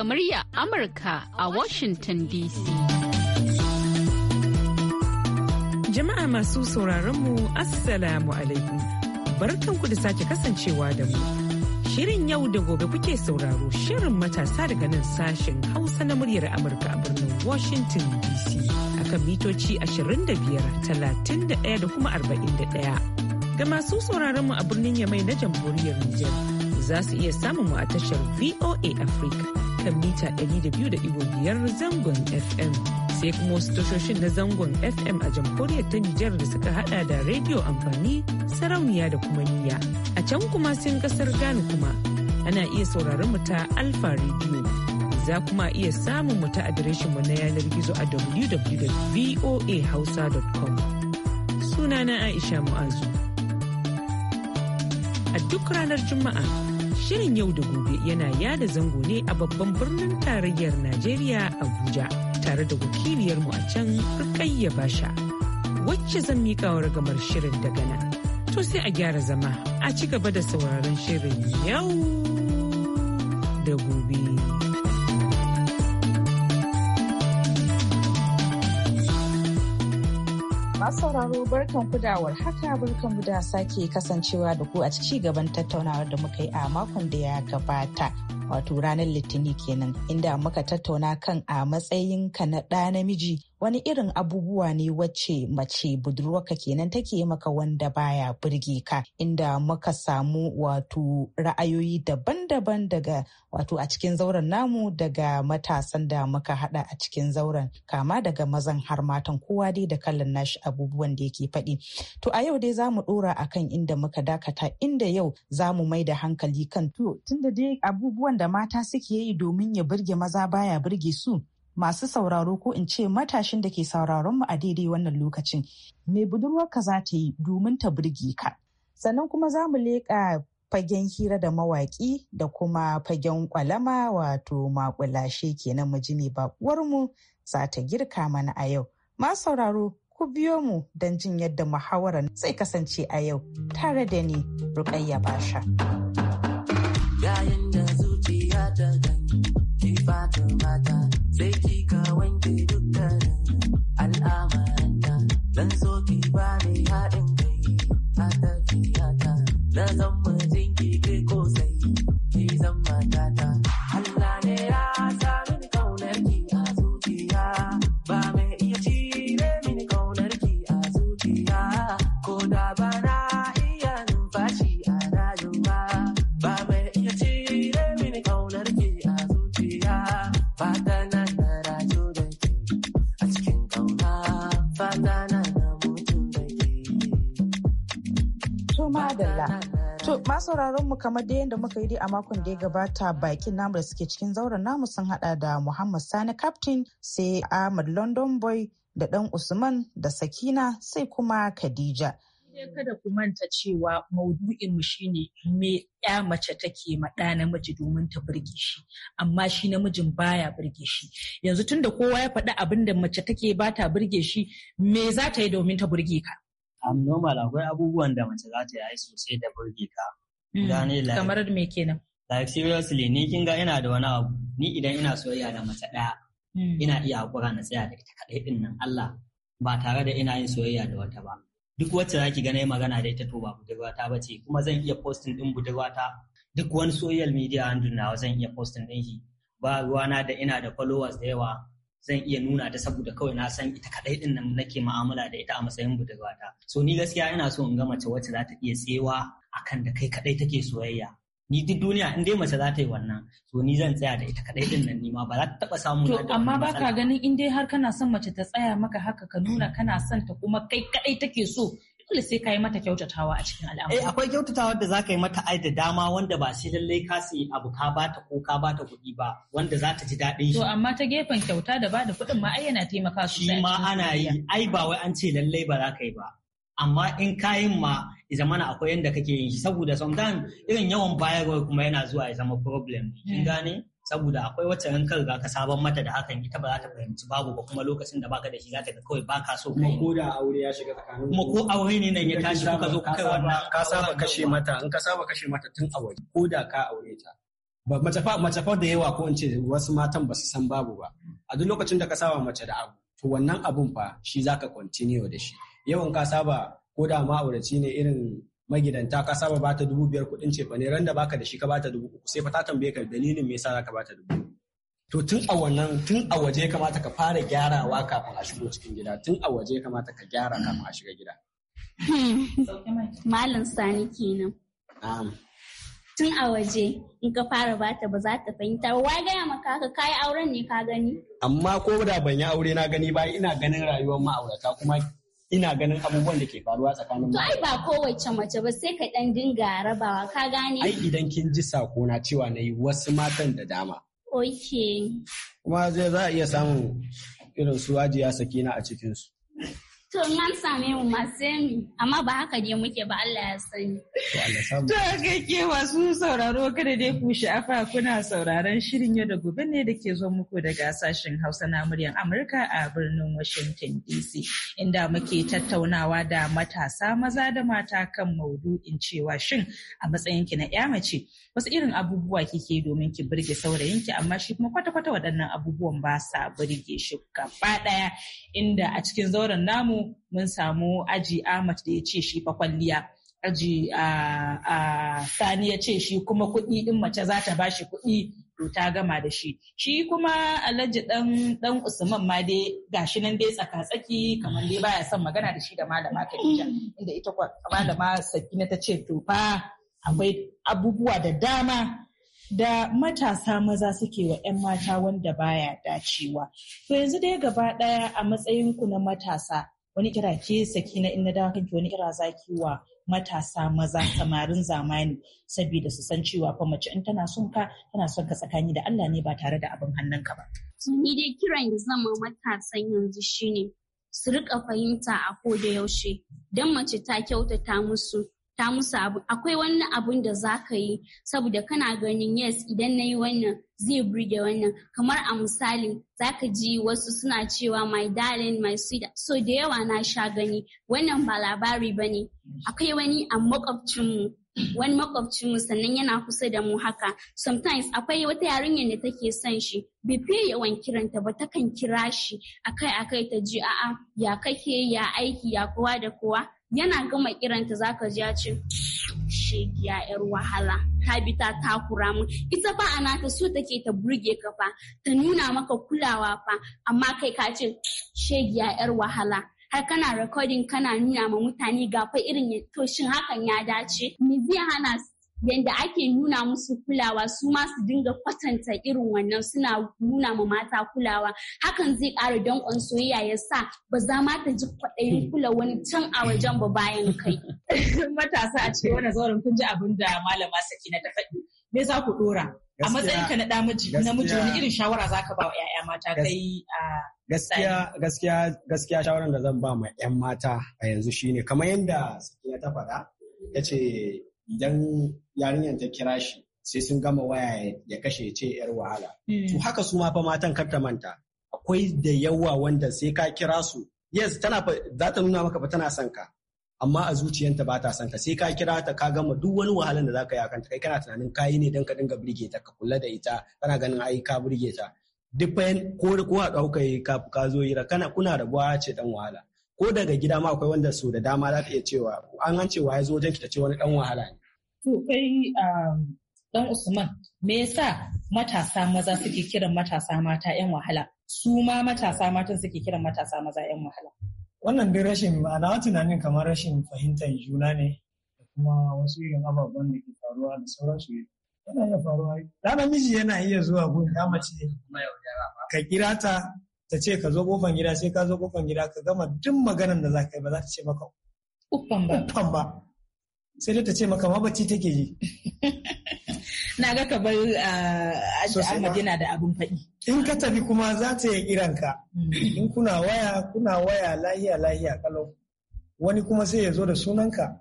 daga murya Amurka a Washington DC. Jama'a masu sauraronmu Assalamu alaikum. Barkanku da sake kasancewa da mu. Shirin yau da gobe kuke sauraro shirin matasa daga nan sashen Hausa na muryar Amurka a birnin Washington DC akan mitoci 25,31 da kuma 41. ga masu sauraron mu a birnin Yamai na jamhuriyar Nijar za su iya samun mu a tashar VOA Africa kan mita 200.5 zangon FM. Sai kuma wasu tashoshin na zangon FM a jamhuriyar ta Nijar da suka hada da rediyo amfani sarauniya da kuma niyya. A can kuma sun kasar Ghana kuma ana iya sauraron mu ta Alfa Radio. Za kuma iya samun mu ta adireshin mu na yanar gizo a www.voahausa.com. Sunana Aisha Mu'azu. A duk ranar Juma'a Shirin yau da gobe yana yada zango ne a babban birnin tarayyar Najeriya Abuja tare da wakiliyarmu a can Rukayya Basha wacce zan miƙa ragamar shirin daga nan. To sai a gyara zama a ci gaba da sauraron shirin yau da gobe. Masu sauraro barkan kudawar haka barkan mu da sake kasancewa da ku a ci gaban tattaunawar da muka yi a makon da ya gabata. Wato ranar Litinin kenan inda muka tattauna kan a matsayin ka na ɗa namiji wani irin abubuwa ne wacce mace budurwa ka kenan take maka wanda baya burge ka inda muka samu wato ra'ayoyi daban-daban daga wato a cikin zauren namu daga matasan da muka hada a cikin zauren kama daga mazan har matan kowa dai da kallon nashi abubuwan da yake faɗi to a yau dai zamu mu dora akan inda muka dakata inda yau zamu mai da hankali kan to tunda dai abubuwan da mata suke yi domin ya burge maza baya burge su masu sauraro ko in ce matashin da ke sauraron mu a daidai wannan lokacin me budurwarka za ta yi domin ta burge ka sannan kuma za mu leƙa fagen hira da mawaƙi da kuma fagen ƙwalama wato maƙulashe kenan mu ji me mu za ta girka mana a yau masu sauraro ku biyo mu don jin yadda muhawarar zai kasance a yau tare da ni rukayya basha yayin da zuciya ta gani ki fata mata sai ki ka wanke duk mu kamar da yadda muka yi dai a makon da ya gabata bakin namu da suke cikin zauren namu sun hada da Muhammad Sani Captain sai Ahmad London Boy da dan Usman da Sakina sai kuma Khadija. kada ku manta cewa maudu'in mu shine me ya mace take ma ɗa namiji domin ta burge shi amma shi namijin baya burge shi yanzu tunda kowa ya faɗi abin da mace take ba ta burge shi me za ta yi domin ta burge ka am normal akwai abubuwan da mace za ta yi sosai da burge ka Mm. Gane like. Kamar me kenan. Like seriously ni kin ga ina da wani abu ni idan ina soyayya da mace ɗaya mm. ina iya hakura na tsaya da ita kaɗai ɗin nan Allah ba tare da ina yin soyayya da wata ba. Duk wacce za ki gane magana da ita to ba budurwata ba ce kuma zan iya posting ɗin budurwata duk wani social media handle nawa zan iya posting ɗin shi ba ruwana da ina da followers da yawa zan iya nuna ta saboda kawai na san ita kadai din nan nake mu'amala da ita a matsayin budurwata so ni gaskiya ina so in ga mace wacce za ta iya tsewa akan da kai kadai take soyayya ni duk duniya in dai mace za ta yi wannan to ni zan tsaya da ita kadai din nan nima ba za ta taba samu to amma baka ganin in dai har kana son mace ta tsaya maka haka ka nuna kana son ta kuma kai kadai take so dole sai ka yi mata kyautatawa a cikin Eh, akwai kyautatawa da za ka yi mata ai da dama wanda ba sai lallai ka sayi abu ka bata ko ka bata kuɗi ba wanda za ta ji daɗin shi. To amma ta gefen kyauta da bada kuɗin ma ai yana taimaka su. Shi ma ana yi ai ba wai an ce lallai ba za ka yi ba. Amma in ka yi ma ya zama na akwai yanda kake yin shi saboda sometimes irin yawan bayarwa kuma yana zuwa ya zama problem. Kin hmm. gane? saboda akwai wacce in ka riga ka saban mata da hakan ita ba za ta fahimci babu ba kuma lokacin da baka da shi za ta ga kawai baka so kuma ko da aure ya shiga tsakanin kuma ko aure ne nan ya tashi kuka zo kuka wannan ka saba kashe mata in ka saba kashe mata tun aure ko da ka aure ta ba mace fa mace fa da yawa ko in ce wasu matan ba su san babu ba a duk lokacin da ka saba mace da abu to wannan abun fa shi zaka continue da shi yawan ka saba ko da ma'auraci ne irin magidanta ka saba ba ta dubu biyar kuɗin ce ne ran da baka da shi ka bata dubu uku sai fa ta tambaye ka dalilin me yasa za ba bata dubu to tun a wannan tun a waje kamata ka fara gyarawa kafin a shigo cikin gida tun a waje kamata ka gyara kafin a shiga gida malam sani kenan tun a waje in ka fara bata ba za ta fahimta ba wai gaya maka ka kai auren ne ka gani amma ko da ban yi aure na gani ba ina ganin rayuwar ma'aurata kuma ina ganin abubuwan da ke faruwa tsakanin mu. ai ba kowace mace ba sai ka dan dinga rabawa ka gane. Ai idan kin ji sako na cewa na yi wasu matan da dama. Ok. Kuma zai za a iya samun irin su ajiya sakina a cikinsu. To an same mu masu amma ba haka ne muke ba Allah ya sani. To ga ke masu sauraro kada dai ku sha'afa kuna sauraron shirin yau da gobe ne da ke zo muku daga sashen Hausa na muryar Amurka a birnin Washington DC inda muke tattaunawa da matasa maza da mata kan maudu'in cewa shin a matsayin ki na ƴa mace wasu irin abubuwa kike domin ki burge saurayinki amma shi kuma kwata-kwata waɗannan abubuwan ba sa burge shi gaba ɗaya inda a cikin zauren namu mun samu aji Ahmad da ya ce shi fa kwalliya. Aji a Sani ya ce shi kuma kuɗi in mace za ta bashi kuɗi to ta gama da shi. Shi kuma Alhaji ɗan ɗan Usman ma dai gashi nan dai tsaka-tsaki kamar dai baya son magana da shi da malama Khadija inda ita malama Sakina ta ce to fa akwai abubuwa da dama da matasa maza suke wa 'yan mata wanda baya dacewa. To yanzu dai gaba ɗaya a matsayinku na matasa wani kira ke saki na in na kanki wani kira zaki wa matasa maza samarin zamani saboda su san cewa fa mace in tana son ka tana son ka tsakani da Allah ne ba tare da abin hannun ka ba. To ni dai kiran da zama matasan yanzu shine su rika fahimta a ko da yaushe dan mace ta kyautata musu ta musu abu akwai wani abun da za ka yi saboda kana ganin yes idan na yi wannan zai burge wannan kamar a misali za ka ji wasu suna cewa my darling my sweet so da yawa na sha gani wannan ba labari ba ne akwai wani a makwabcinmu wani makwabcinmu sannan yana kusa da mu haka sometimes akwai wata yarinyar da take son shi bai yawan kiranta ba takan kira shi akai akai ta ji a'a ya kake ya aiki ya kowa da kowa yana gama kiranta za ka ji ya ce shegiya yar wahala ta bi ta takura mu ita fa ana ta so take ta burge ka fa ta nuna maka kulawa fa amma kai ka ce shegiya yar wahala har kana recording kana nuna ma mutane ga fa irin to shin hakan ya dace me zai hana yadda ake nuna musu kulawa su ma su dinga kwatanta irin wannan suna nuna ma mata kulawa hakan zai ƙara danƙon soyayya ya sa ba za ma ta ji kwaɗayin hmm. kula wani can a wajen ba bayan kai. Matasa a cikin wani zauren kun ji abin da malama saki na ta faɗi. Me za ku ɗora? A matsayin ka na na miji wani irin shawara za ka ba wa 'ya'ya mata kai a gaskiya gaskiya gaskiya shawaran da zan ba ma 'yan mata a yanzu shine kamar yadda sakina ta faɗa ta ce idan yarinyar ta kira shi sai sun gama waya ya kashe ce yar wahala hmm. to haka su ma fa matan kar ta manta akwai da yawa wanda sai ka kira su yes tana za ta nuna maka fa tana son ka amma a zuciyanta ba ta son ka sai ka kira ta ka gama duk wani wahalan da za ka yi akan kai kana tunanin ka yi ne don ka dinga burge ta ka kula da ita kana ganin ai ka burge ta duk bayan ko ko a dauka ka ka zo yi kana kuna rabuwa ce dan wahala ko daga gida ma akwai wanda su da dama za ta iya cewa an an cewa ya zo wajen ki ta ce wani dan wahala ne To kai dan um, Usman me yasa matasa maza suke kiran matasa mata 'yan wahala su ma matasa matan suke kiran matasa maza 'yan wahala. Wannan dai rashin ma'ana tunanin kamar rashin fahimtar juna ne da kuma wasu irin ababen da ke faruwa da su yana iya faruwa. Da namiji yana iya zuwa gun da mace ka kira ta ta ce ka zo kofan gida sai ka zo kofan gida ka gama duk maganar da za ka yi ba za ta ce maka uffan ba. sai da ta ce maka ma take yi na ga ka bar a gina da abin faɗi in ka tafi kuma za ta yi kiranka mm. in kuna waya kuna waya lahiya lahiya kalau wani kuma sai ya zo da sunanka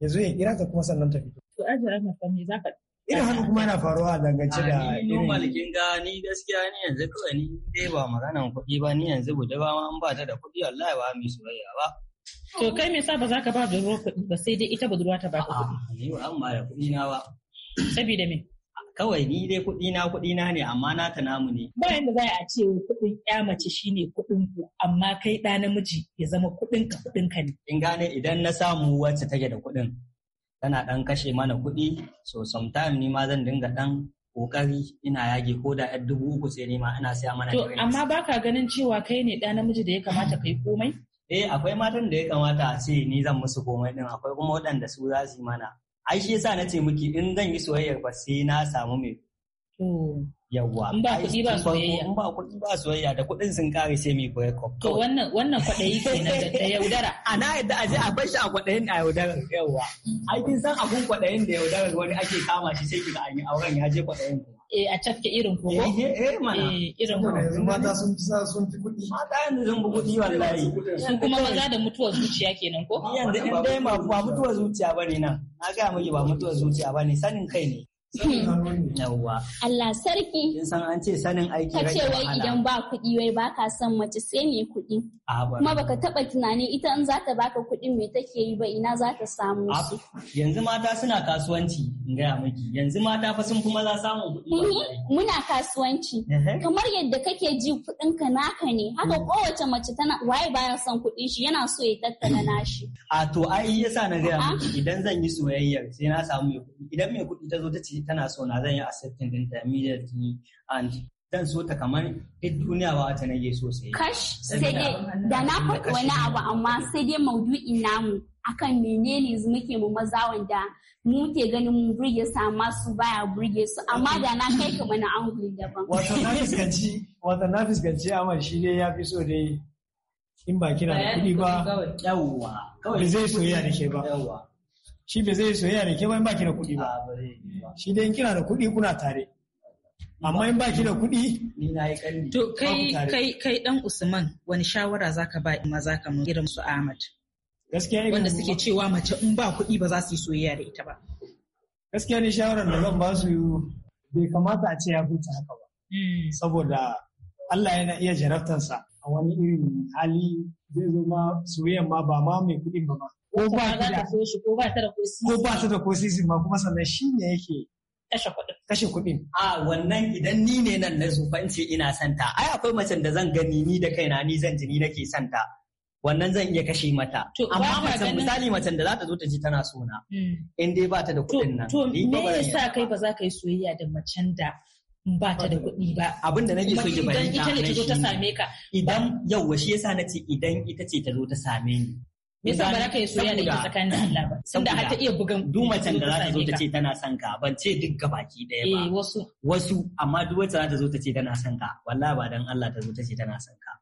ya zo ya kira ka kuma sannan ta fito to ajiyar na sami za ka Ina hannu kuma yana faruwa dangance da ah, irin malikin ga ni gaskiya ni yanzu kawai ni dai ba maganan kuɗi ba ni yanzu bude ba ma an ba ta da kuɗi wallahi ba mai soyayya ba To kai me sa ba za ka ba budurwa kuɗi ba sai dai ita budurwa ta ba ka kuɗi. Yau an bada kuɗi na ba. Sabida me? Kawai ni dai kuɗi na kuɗi na ne amma na ta namu ne. Ba yanda za a ce kuɗin ya mace shine kuɗin ku amma kai ɗa namiji ya zama kuɗin ka kuɗin ka ne. In gane idan na samu wacce take da kuɗin tana ɗan kashe mana kuɗi so sometimes ni ma zan dinga ɗan kokari ina yage ko da ɗan dubu uku sai ma ina siya mana to amma baka ganin cewa kai ne ɗa namiji da ya kamata kai komai eh akwai matan da ya kamata a ce ni zan musu komai din akwai kuma waɗanda su za su yi mana ai shi yasa na ce miki in zan yi soyayya ba sai na samu mai yawwa in ba kuɗi ba soyayya in ba kuɗi ba soyayya da kuɗin sun kare sai mai break up to wannan wannan kwaɗayi kenan da yaudara A na yadda aje a bar shi a kwaɗayin a yaudara yawwa ai kin san abun kwaɗayin da yaudara wani ake kama shi sai kiga an yi auren ya je kwaɗayin kuma Eh, a cafke irin ko eh, eh, eh mana irin ko yanzu mata sun sun kuɗi mata yanzu sun kuɗi wallahi kuma maza da mutuwar zuciya kenan ko yanzu in dai ba zuciya bane nan na ga miki ba mutuwar zuciya bane sanin kai ne Yawwa. Allah sarki. Kin san an ce sanin aiki rage wahala. ce wai idan ba kuɗi wai ba ka son mace sai mai kuɗi. Ah, kuma baka taɓa tunanin ita in za ta baka kuɗin me take yi ba ina za ta samu ah, su. Yanzu mata suna kasuwanci in gaya miki. Yanzu mata fa sun kuma za samu kuɗi. Muna kasuwanci. Kamar yadda kake ji kuɗinka naka ne. Haka mm. kowace mace tana waye baya son kuɗin shi yana so ya tattala nashi. A ah, to ai yasa na gaya miki idan zan yi soyayyar sai na samu mai kuɗi. Idan mai kuɗi ta zo ta ce tana so na zan yi accepting dinta immediately and zan so ta kamar duk duniya ba ta nage sosai. Kash sai dai da na faɗi wani abu amma sai dai maudu'in namu akan menene muke mu maza wanda mu ke ganin mu burge su amma su baya burge su amma da na kai ka mana an daban. Wato na fuskanci wato na fuskanci amma shi ne ya fi so dai in ba kina da kuɗi ba. Yawwa. Kawai zai soyayya da ke ba. Yawwa. shi bai zai soyayya ne, ke ba in baki da kuɗi ba shi dai in kina da kuɗi kuna tare amma in baki da kuɗi ni na yi kalli to kai kai kai dan Usman wani shawara zaka ba maza kamar irin su Ahmad gaskiya wanda suke cewa mace in ba kuɗi ba za su yi soyayya da ita ba gaskiya ne shawaran da zan ba su bai kamata a ce ya huce haka ba hmm. saboda Allah yana iya jarabtansa a wani irin hali zai zo ma soyayya ma ba ma mai kuɗin ba ma ko ba ta da ko ba ta da ko sisi ko ba ta da ko sisi ma kuma sannan shi ne yake kashe kuɗin. Kashe kuɗin. A wannan idan ni ne nan na zufanci ina santa. Ai akwai macen da zan gani ni da kaina ni zan ji ni nake santa. Wannan zan iya kashe mata. Amma macen misali macen da za ta zo ta ji tana sona. Hmm. In dai ba ta da kuɗin nan. To me yasa kai ba za ka yi soyayya da macen da ba ta da kuɗi ba. Abin da nake so ki bayyana. Idan ita ne ta zo ta same ka. Idan yawwa shi yasa na ce idan ita ce ta zo ta same ni. Me ba za ka yi soyayya da ita tsakanin da Allah ba? Sun da hata iya bugan duk macen da za ta zo ta ce tana son ka ban ce duk gabaki daya ba. Eh wasu. Wasu amma duk wacce za ta zo ta ce tana son ka wala ba dan Allah ta zo ta ce tana son ka.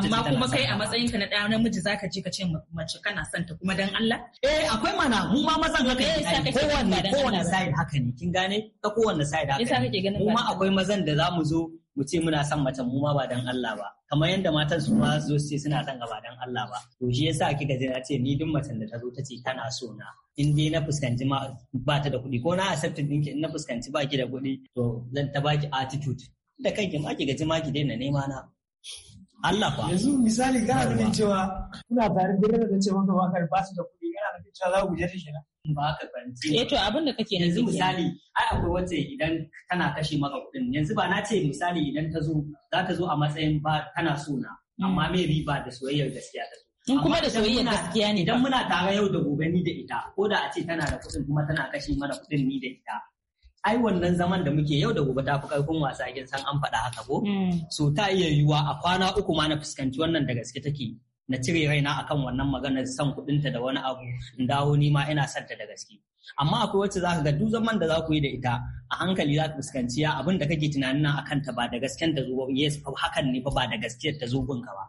amma kuma kai a matsayin ka na ɗaya namiji ka ce ka ce mace kana son ta kuma dan Allah eh akwai mana mu ma mazan haka eh, ne kowanne kowanne side haka ne kin gane ta kowanne side haka ne mu ma akwai mazan da za mu zo mu ce muna son mace mu ma ba dan Allah ba kamar yadda matan su ma zo ce suna son ba dan Allah ba to shi yasa kika ji na ce ni duk macen da ta zo ta ce tana so na in dai na fuskanci ma ba ta da kuɗi ko na accept ɗinki in na fuskanci ba ki da kuɗi to zan ta baki attitude da kanki ma ki gaji ma ki daina nema na Allah fa. Yanzu misali kana nufin cewa kuna tare da rana da cewa ka ba ba su da kuɗi kana nufin cewa za ku je ta shiga. Ba ka fahimci. Eh to abin da kake yanzu misali ai akwai wacce idan tana kashe maka kuɗin yanzu ba na ce misali idan ta zo za ta zo a matsayin ba tana so na amma me mm. riba da soyayyar gaskiya ta zo. In kuma da soyayyar gaskiya ne. Idan muna tare yau da gobe ni da ita ko da a ce tana da kuɗin kuma tana kashe mana kuɗin ni da ita. ai wannan zaman da muke yau da gobe ta fi karfin wasa kin san an faɗa haka ko hmm. so ta iya yiwuwa a kwana uku ma na fuskanci wannan da gaske take na cire raina akan wannan maganar san kuɗinta da wani abu in dawo ni ma ina son ta da gaske amma akwai wacce zaka ga duk zaman da za ku yi da ita a hankali zaka fuskanci ya abin da kake tunanin akan ta ba da gasken ta zo yes hakan ne fa ba da gaskiyar ta zo gunka ba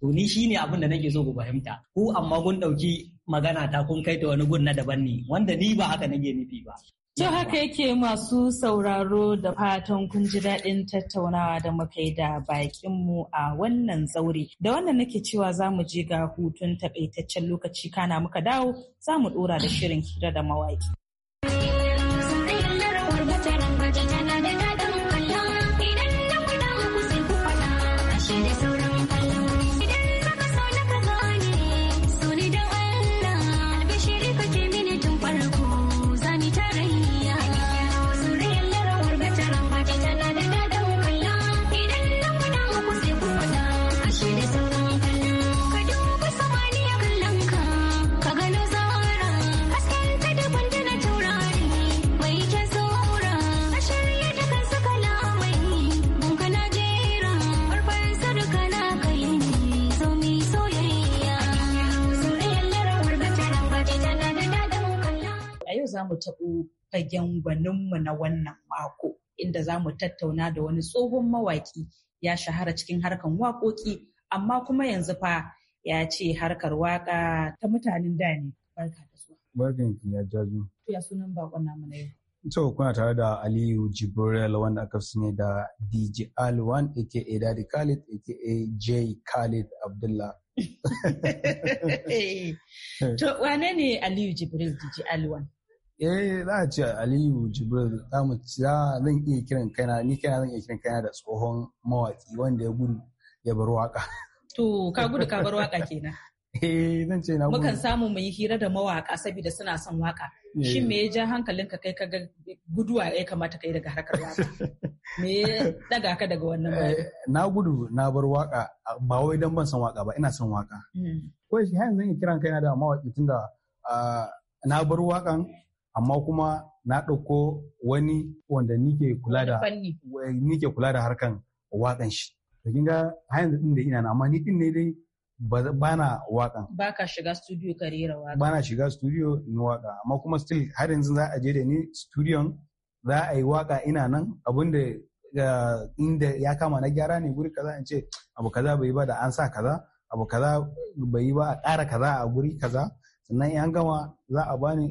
to ni shine abin da nake so ku fahimta ko amma kun dauki magana ta kun kai ta wani gun na daban ne wanda ni ba haka nake nufi ba To haka yake masu sauraro da fatan kun ji daɗin tattaunawa da muka yi da bakinmu a wannan zaure. Da wannan nake cewa za mu je ga hutun taɓaitaccen lokaci kana muka dawo za mu ɗora da shirin hira da mawaƙi. taɓo fagen gwaninmu na wannan mako inda za mu tattauna da wani tsohon mawaƙi ya shahara cikin harkar waƙoƙi amma kuma yanzu fa ya ce harkar waƙa ta mutanen da ne barka da zuwa. Barkan ki ya jaju. Ya sunan bakon namu na yau. To kuna tare da Aliyu Jibril wanda aka fi da DJ Alwan aka Daddy Khalid aka J Khalid Abdullah. To wane ne Aliyu Jibril DJ Alwan? eh za a ce aliyu jibril za mu zan iya kiran kaina ni kaina zan iya kiran kaina da tsohon mawaki wanda ya gudu ya bar waka to ka gudu ka bar waka kenan eh zan ce na gudu mukan samu mu yi hira da mawaka saboda suna son waka eh. shin me ya ja hankalinka kai ka ga guduwa ya kamata kai daga harkar waka me ya daga ka daga wannan bayan eh, na gudu na bar waka ba wai dan ban son waka ba ina son waka hmm. ko shi yanzu zan iya kiran kaina da mawaki tunda ah, na bar wakan amma kuma na ɗauko wani wanda nike kula da nike kula da harkan waƙan shi to kin ga har yanzu din da ina amma ni din ne dai bana waƙan ka shiga studio ka rera waƙa bana shiga studio ni waƙa amma kuma still har yanzu za a je da ni studio za a yi waƙa ina nan abinda inda ya kama na gyara ne guri kaza in ce abu kaza bai ba da an sa kaza abu kaza bai yi ba a ƙara kaza a guri kaza sannan in an gama za a bani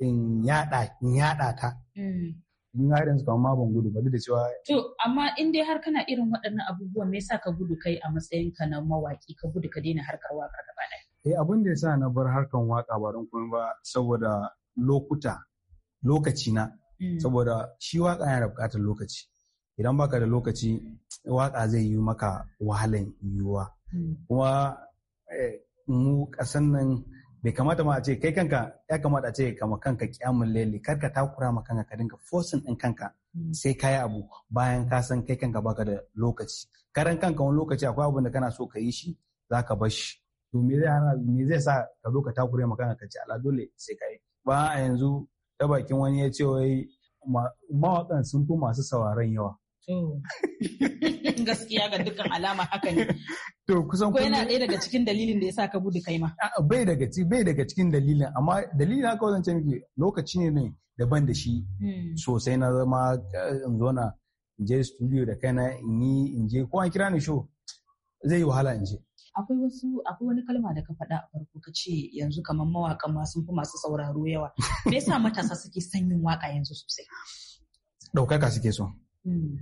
in yada in yada ta mm. in har irin kamar ma ban gudu ba da cewa to amma in dai har kana irin waɗannan abubuwan me yasa ka gudu kai a matsayin ka na mawaki ka gudu ka daina harkar waka gaba ɗaya eh abin da yasa na bar harkan waka ba don kuma ba saboda lokuta lokaci na mm. saboda shi waka yana da buƙatar lokaci idan baka da lokaci waka zai yi maka wahalan yiwuwa mm. kuma eh, mu ƙasan nan Mai kamata ma a ce kai kanka ya kamata a ce kama kanka kyamun lele kar ka takura ma kanka ka dinga forcing din kanka hmm. sai ka yi abu bayan ka san kai kanka baka da lokaci karan kanka wani lokaci akwai abin da kana so ka yi shi za ka bar shi to me zai hana me zai sa ka zo ka takure ma kanka ka ce ala dole sai ka yi ba a yanzu ta bakin wani ya ce wai mawaƙan sun fi masu sauraron yawa Gaskiya ga dukkan alama haka ne. To kusan ko yana ɗaya daga cikin dalilin da ya sa ka bude kai ma. Bai daga bai daga cikin dalilin amma dalilin haka wajen canji lokaci ne daban da shi hmm. sosai na zama eh, in zo na in je studio da kaina in yi in je ko an kira ni show zai yi wahala in je. akwai wasu akwai wani kalma da ka faɗa a farko ka ce yanzu kamar mawaƙan ma sun fi masu sauraro yawa me yasa matasa suke son yin waka yanzu sosai ɗaukaka suke so hmm.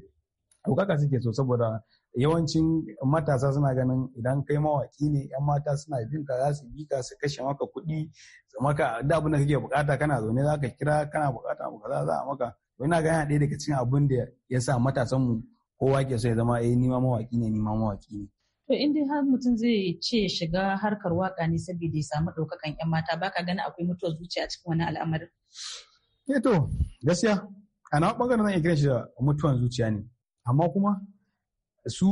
ɗaukaka suke so saboda yawancin matasa suna ganin idan kai mawaki ne yan mata suna bin ka za su bika su kashe maka kuɗi su maka da abin da kake bukata kana zaune za ka kira kana bukata kaza za a maka ina ganin ɗaya daga cikin abin da ya sa matasan mu kowa ke so ya zama eh nima mawaki ne nima mawaki ne to in dai har mutum zai ce shiga harkar waka ne saboda ya samu ɗaukakan yan mata baka ganin akwai mutuwar zuciya a cikin wani al'amarin eh to gaskiya a na bangaren zan iya kiran shi da mutuwar zuciya ne amma kuma su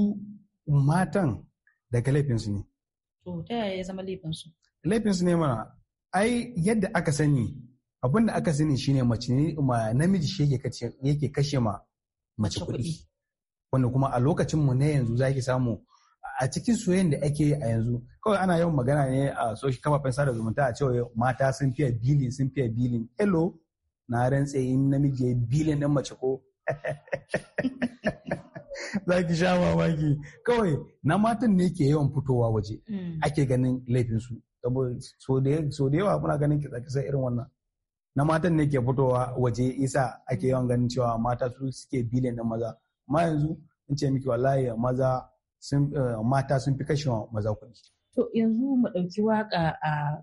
matan daga laifinsu ne to ta yaya ya zama laifinsu laifinsu ne mana ai yadda aka sani abin da aka sani shi ne mace namiji shi yake kashe ma mace kuɗi wanda kuma a lokacin mu na yanzu zaki samu a cikin soyayyen da ake a yanzu kawai ana yawan magana ne a soshi kafafen sada zumunta a cewa mata sun fiye bilin sun fiye bilin hello na rantse yin namiji ya bilin ɗan mace ko zaki sha mamaki kawai na matan ne ke yawan fitowa waje mm. ake ganin laifinsu so da yawa muna ganin kitsa kisa irin wannan na matan ne ke fitowa waje isa ake yawan ganin cewa mata su suke biliyan na maza Ma yanzu in ce miki wallahi maza eh, mata sun fi kashewa maza kuɗi. to yanzu mu ɗauki waka a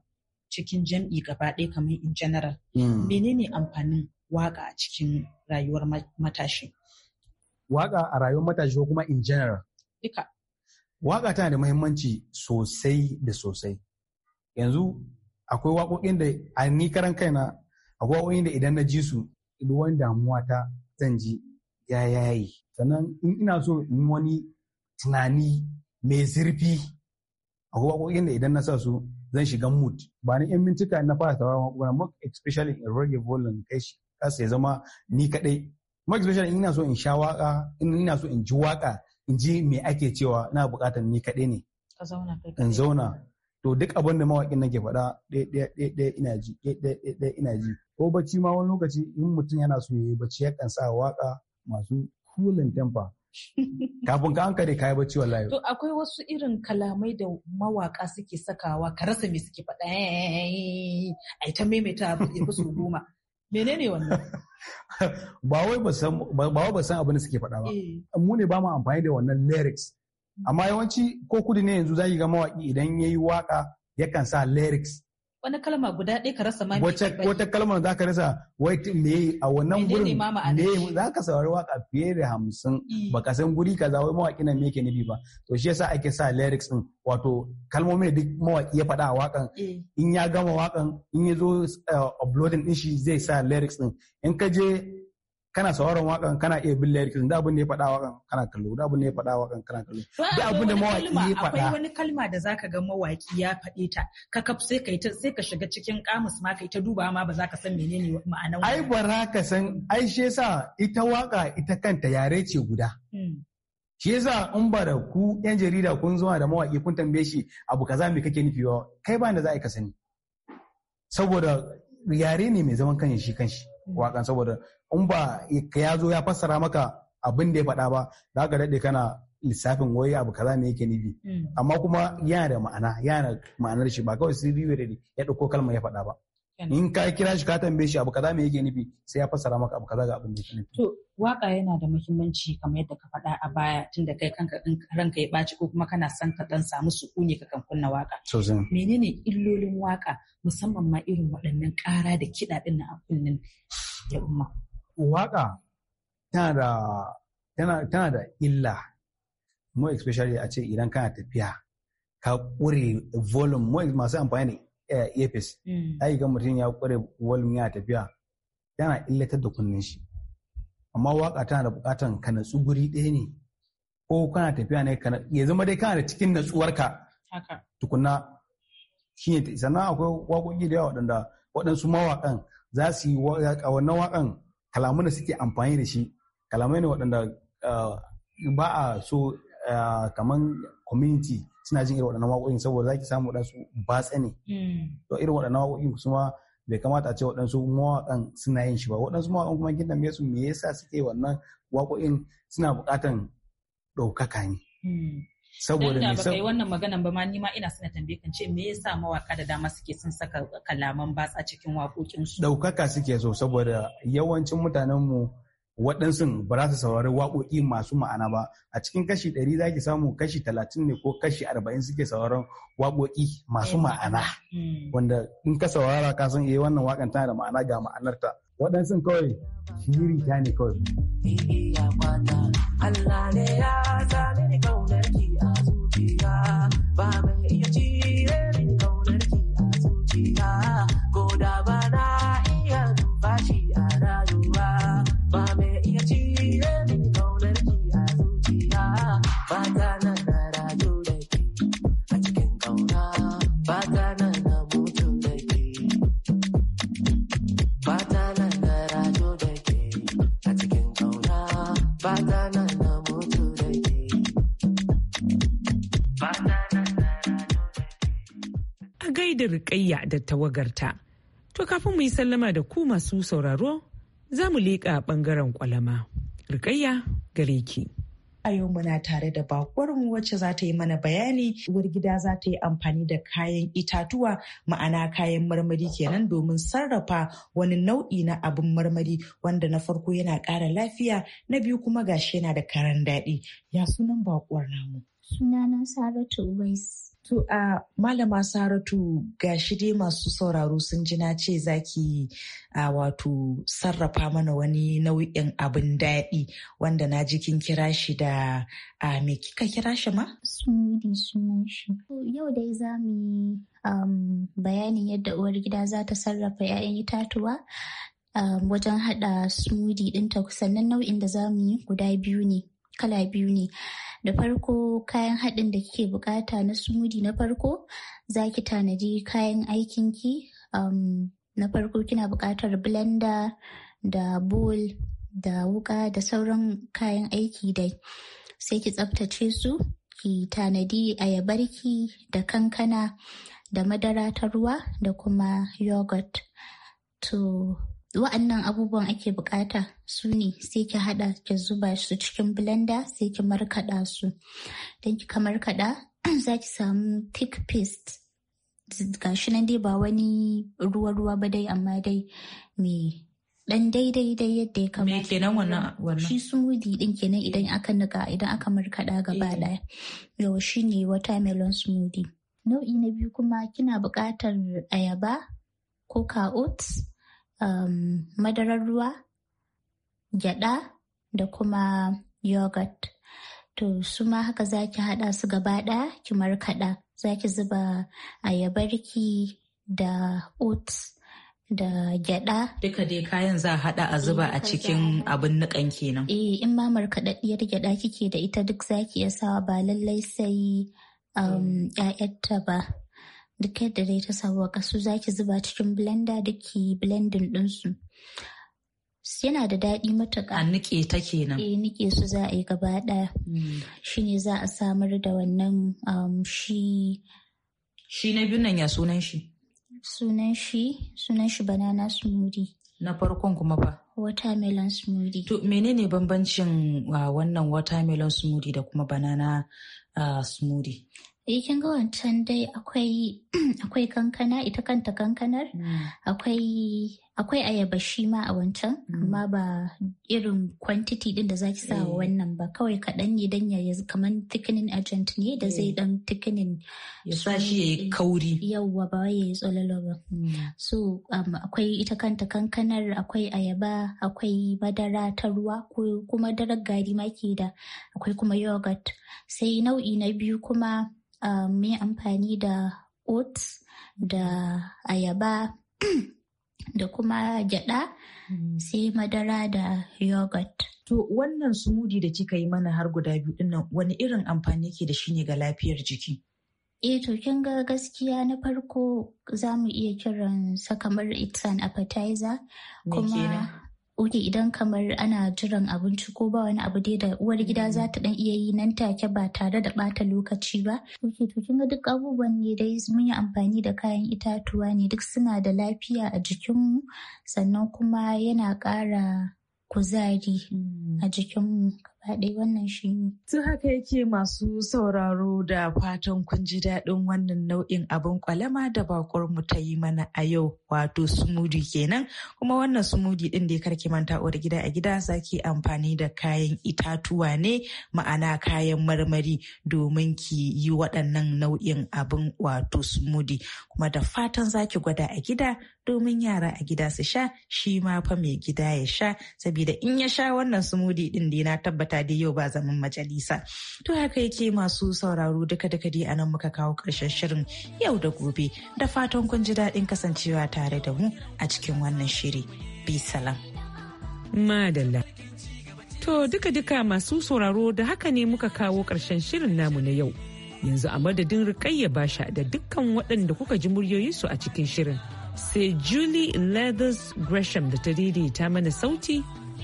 cikin jam'i gaba ɗaya kamar in general mm. menene amfanin waƙa a cikin rayuwar matashi? Waƙa a rayuwar matashi ko kuma in general? Duka. Waƙa tana da muhimmanci sosai da sosai. Yanzu akwai waƙoƙin da a ni karan kaina akwai waƙoƙin da idan na ji su wani damuwa ta zan ji ya yayi. Sannan in ina so in wani tunani mai zurfi akwai waƙoƙin da idan na sa su zan shiga mood ba ni yan mintuka na fara tawaran waƙoƙin especially in rage volume kai shi kasa ya zama ni kadai kuma in ina so in sha waka ina so in ji waka in ji me ake cewa na buƙatar ni kaɗai ne in zauna to duk abin da mawakin nake faɗa ɗaya ina ji ɗaya ina ji ko bacci ma wani lokaci in mutum yana so ya yi bacci ya kan sa waka masu kulin tempa kafin ka hankali ka yi bacci wallahi to akwai wasu irin kalamai da mawaka suke sakawa ka rasa me suke faɗa ai ta maimaita ya fi goma menene wannan ba wai ba san abin da suke faɗa ba eh. mu ne ba mu amfani da wannan lyrics amma yawanci ko kudi ne yanzu zaki ga mawaki idan yayi waka yakan sa lyrics wani kalma guda ɗaya ka rasa ma wata kalma za ka rasa wai me a wannan gurin me za ka saurari waka fiye da hamsin eh. ba ka san guri kaza wai mawaƙi na me yake nufi ba to shi yasa ake sa lyrics din wato kalmomi da duk mawaƙi ya faɗa a waƙan. Eh. in ya gama waƙan, in ya zo eh, uploading din shi zai sa lyrics din in ka je kana sauraron wakan kana iya billa yarkin da abin da ya faɗa wakan kana kallo da abin da ya faɗa wakan kana kallo da abin da mawaki ya faɗa akwai wani kalma da zaka ga mawaki ya faɗe ta ka kaf sai kai ta sai ka shiga cikin kamus ma kai ta duba ma ba za ka san menene ma'anar ai ba ka san ai shi yasa ita waka ita kanta yare ce guda hmm. shi yasa in ba da ku yan jarida kun zuwa da mawaki kun tambaye shi abu kaza me kake nufi wa kai ba da za ka sani saboda yare ne mai zaman kanshi shi kanshi hmm. wakan saboda in ba ya zo ya fassara maka abin da ya faɗa ba za ka daɗe kana lissafin wai abu kaza ne yake nufi hmm. amma kuma yana da ma'ana yana ma'anar shi ba kawai sai biyu da ya ɗauko kalmar ya faɗa ba in ka kira shi ka tambaye shi abu kaza me yake nufi sai ya fassara maka abu kaza ga abin da yake nufi to waka yana da muhimmanci kamar yadda ka faɗa a baya tunda kai kanka in ranka ya ɓaci ko kuma kana son ka dan samu sukuni ka kan kunna waka menene illolin waka musamman ma irin waɗannan ƙara da kiɗa ɗin na a kunnen waƙa tana da illa mo especially a ce idan kana tafiya ka ƙure volume mo masu amfani da eh, earpiece mm. ai ga mutum ya ƙure volume yana tafiya Tana illatar da kunnen shi amma waƙa tana da buƙatan ka natsu guri ɗaya ne ko kana tafiya ne ya zama dai kana da cikin natsuwarka tukunna shi ne sannan akwai waƙoƙi da yawa waɗanda waɗansu mawaƙan za su yi wannan waƙan kalamun da suke amfani da shi kalamai ne waɗanda eh, ba a so eh, kaman community suna jin irin waɗannan waƙoƙin saboda zaki samu waɗansu ba ne mm. to irin waɗannan waƙoƙin ma bai kamata a ce waɗansu mawaƙan suna yin shi ba waɗansu mawaƙan kuma kin tambaye su me yasa suke wannan waƙoƙin suna buƙatan ɗaukaka ne mm. saboda me sai wannan maganan ba ma ni ma ina suna tambaye kan ce me yasa mawaka da dama suke son saka kalaman batsa cikin waƙoƙin su daukaka suke so saboda yawancin mutanen mu waɗansu ba za su saurari waƙoƙi masu ma'ana ba a cikin kashi ɗari za ki samu kashi talatin ne ko kashi arba'in suke sauraron waƙoƙi masu ma'ana hmm. wanda in ka saurara ka san eh wannan waƙan tana da ma'ana ga ma'anarta waɗansu kawai shiri ta ne kawai Allah ne ya sami ni kawai Bye. da rikayya da tawagarta. To kafin mu yi sallama da ku masu sauraro za mu leƙa ɓangaren kwalama. Rikayya gare ki. A yau muna tare da mu wacce za ta yi mana bayani uwar gida za ta yi amfani da kayan itatuwa ma'ana kayan marmari kenan domin sarrafa wani nau'i na abin marmari wanda na farko yana ƙara lafiya na biyu kuma gashi yana da karan daɗi. Ya sunan bakuwar namu. Sunana Saratu Uwais. To a malama Saratu gashi dai masu sauraro sun ji na ce zaki a wato sarrafa mana wani nau'in abin daɗi wanda na ji kin kira shi da uh, me kika kira shi ma? Yau dai za mu um, bayanin yadda uwar gida za ta sarrafa 'ya'yan itatuwa um, wajen haɗa smoothie ɗinta sannan nau'in da za mu yi guda biyu ne kala biyu ne. da farko kayan haɗin da kike bukata na smoothie na farko za ki tanadi kayan aikinki um, na farko kina buƙatar blender da bowl da wuka da sauran kayan aiki dai sai ki tsaftace su ki tanadi ayabarki da kankana da madara ta ruwa da kuma yogurt to wa'annan abubuwan ake bukata su ne sai ki hada ki zuba su cikin blender sai ki markada su don ki kamar kada za ki samu thick paste shi nan dai ba wani ruwa-ruwa ba dai amma dai mai dan daidai dai yadda ya kamata. Me kenan wannan wannan? Shi smoothie din kenan idan aka nika idan aka markada gaba eh. daya. Yau shi ne watermelon smoothie. Nau'i na biyu kuma kina buƙatar ayaba ko ka oats um, madarar ruwa gyada da kuma yogurt to su ma haka za ki haɗa su gaba ɗaya ki markaɗa za ki zuba ayabarki da oats da gyada. Duka dai kayan za a hada a zuba eh, a cikin abin niƙan kenan. Eh in ma markaɗaɗɗiyar gyada kike da ita duk zaki iya sawa ba lallai sai um, ‘ya'yarta mm. ba. duk yadda dai ta kasu za zaki zuba cikin blender da ke blending ɗinsu. yana da daɗi matuƙa. A nike ta kenan. e eh, nike su za a yi gaba ɗaya. Hmm. Shi ne za a samar da wannan um, shi. Shi na biyun nan ya sunan shi. Sunan shi sunan shi banana smoothie. Na farkon kuma fa. Watermelon smoothie. To menene bambancin uh, wannan watermelon smoothie da kuma banana uh, smoothie? yakin kin ga wancan dai akwai kankana ita kanta kankanar mm. akwai ayaba shi ma a wancan mm. amma ba irin kwantiti din da zaki sa wa eh. wannan ba kawai kaɗan ne dan ya kamar thickening agent ne da zai dan eh. thickening ya sa shi yi eh, kauri yawwa ba wai yi tsololo ba mm. so um, akwai ita kanta kankanar akwai ayaba akwai madara ta ruwa ko kuma darar gari ma ke da akwai kuma yogurt sai nau'i na biyu kuma Ah, mu yi amfani da oats da ayaba da kuma gyada hmm. sai madara da yogurt. To wannan sumudi da kika yi mana har guda biyu dinnan wani irin amfani ke da shi ne ga lafiyar jiki? E, to kin ga gaskiya na farko za mu iya kiran sa kamar it's an appetizer kuma oke idan kamar ana jiran abinci ko ba wani abu dai da uwar gida za ta dan iya yi nan take ba tare da bata lokaci ba oke to kin ga duk abubuwan ne dai mun yi amfani da kayan itatuwa ne duk suna da lafiya a jikinmu sannan kuma yana ƙara kuzari a jikinmu ɗaya wannan shi ne. Tun haka yake masu sauraro da fatan kun ji daɗin wannan nau'in abin kwalama da bakwar mu ta yi mana a yau wato sumudi kenan kuma wannan sumudi ɗin da ya karki manta uwar gida a gida zaki amfani da kayan itatuwa ne ma'ana kayan marmari domin ki yi waɗannan nau'in abin wato sumudi kuma da fatan zaki gwada a gida domin yara a gida su sha shi ma fa mai gida ya sha saboda in ya sha wannan sumudi ɗin da na tabbata dai yau ba zaman majalisa. To haka yake masu sauraro duka duka dai anan muka kawo ƙarshen shirin yau da gobe da fatan kun ji daɗin kasancewa tare da mu a cikin wannan shiri. Bi salam. Madalla. To duka-duka masu sauraro da haka ne muka kawo ƙarshen shirin namu na yau. Yanzu a madadin Rikayya Basha da dukkan waɗanda kuka ji muryoyinsu a cikin shirin. Sai Julie Leathers Gresham da ta daidaita mana sauti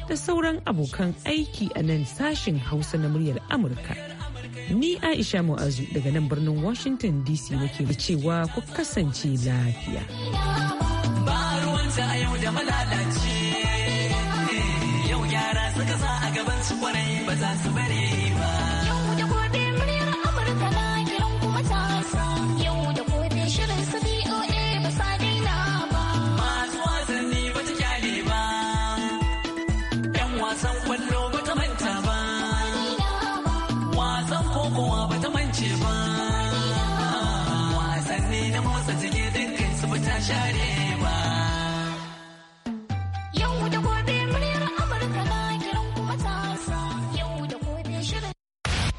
da sauran abokan aiki a nan sashen Hausa na muryar Amurka. Ni Aisha Mu'azu daga nan birnin Washington DC nake cewa ku kasance lafiya. Ba ruwanta a da malalaci, yau yara suka sa a gaban su kwarai ba za su bari